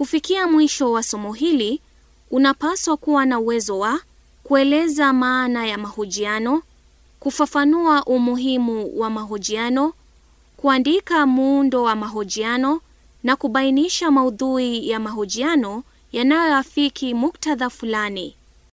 Kufikia mwisho wa somo hili, unapaswa kuwa na uwezo wa kueleza maana ya mahojiano, kufafanua umuhimu wa mahojiano, kuandika muundo wa mahojiano na kubainisha maudhui ya mahojiano yanayoafiki muktadha fulani.